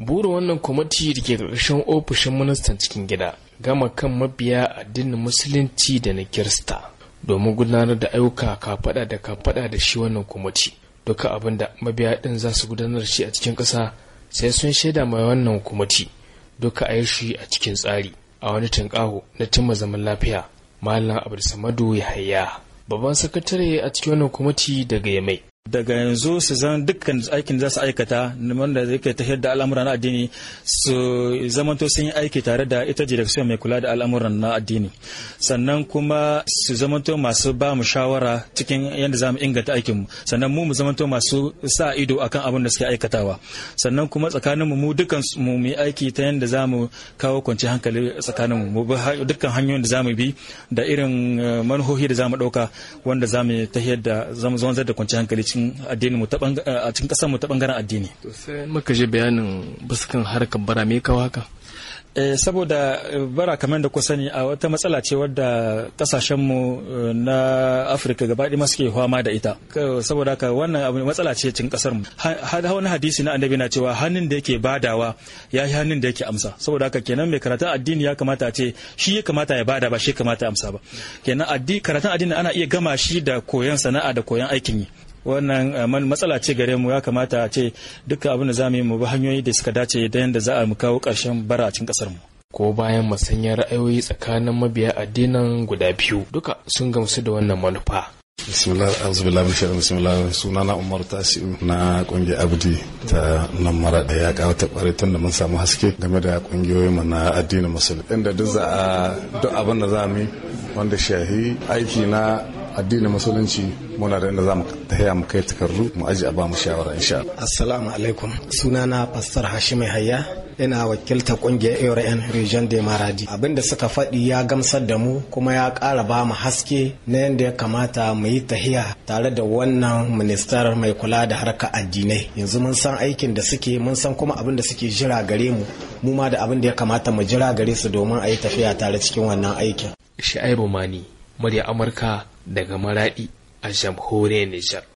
buru wannan kwamiti da ke ƙarƙashin ofishin ministan cikin gida gama kan mabiya addinin musulunci da na kirista domin gudanar da ayyuka kafaɗa da kafaɗa da shi wannan kwamiti duka abin da mabiya ɗin za su gudanar shi a cikin ƙasa sai sun shaida mai wannan kwamiti duka a shi a cikin tsari a wani tunƙaho na cimma zaman lafiya malam abdulsamadu yahaya babban sakatare a cikin wannan kwamiti daga yamai daga yanzu su zan dukkan aikin za su aikata wanda zai ke tafiyar da al'amuran na addini su zamanto sun yi aiki tare da ita direction mai kula da al'amuran na addini sannan kuma su zamanto masu ba mu shawara cikin yadda za mu inganta aikin mu sannan mu mu zamanto masu sa ido akan abin da suke aikatawa sannan kuma tsakanin mu mu dukkan mu mu aiki ta yadda za mu kawo kwanci hankali tsakanin mu mu dukkan hanyoyin da za mu bi da irin eh, manhohi da za mu ɗauka wanda za mu tafiyar da za mu da kwanci hankali cikin addini mu a cikin kasar mu ta bangaren addini to sai muka je bayanin buskan harkar bara me kawo haka Eh, saboda eh, bara kamar da ku sani a wata matsala ce wadda kasashenmu eh, na afirka gabaɗi masu ke fama da ita saboda ka wannan abu matsala ce cikin kasar mu wani hadisi na annabi na cewa hannun da yake badawa ya yi hannun da yake amsa saboda ka kenan mai karatun addini ya kamata ce shi ya kamata ya bada ba shi kamata ya amsa ba kenan karatun addini ana iya gama shi da koyon sana'a da koyon aikin yi wannan eh, man matsala ce gare mu ya kamata a ce duka abin da za mu yi mu bi hanyoyi da suka dace da yadda za a mu kawo ƙarshen bara a cikin ƙasar mu ko bayan masanyar ra'ayoyi tsakanin mabiya addinin guda biyu duka sun gamsu da wannan manufa bismillah auzubillah bishir bismillah sunana umar tasim na kungiyar abdi ta nan mara da ya kawo ta kware tun da mun samu haske game da kungiyoyin mu na addinin musulmi inda duk za a duk abin da za mu wanda shahi aiki na addinin musulunci muna da inda mu taya mu kai takardu mu aji a ba mu shawara insha Allah assalamu alaikum sunana pastor Hashim Hayya ina wakilta kungiyar ARN Region de Maradi abinda suka faɗi ya gamsar da mu kuma ya ƙara ba mu haske na yadda ya kamata mu yi tahiya tare da wannan ministar mai kula da harkar addinai yanzu mun san aikin da suke mun san kuma abin da suke jira gare mu mu ma da abin da ya kamata mu jira gare su domin a yi tafiya tare cikin wannan aikin. Shi'aibu Mani, murya Amurka daga maraɗi a jamhuriyar Nijar.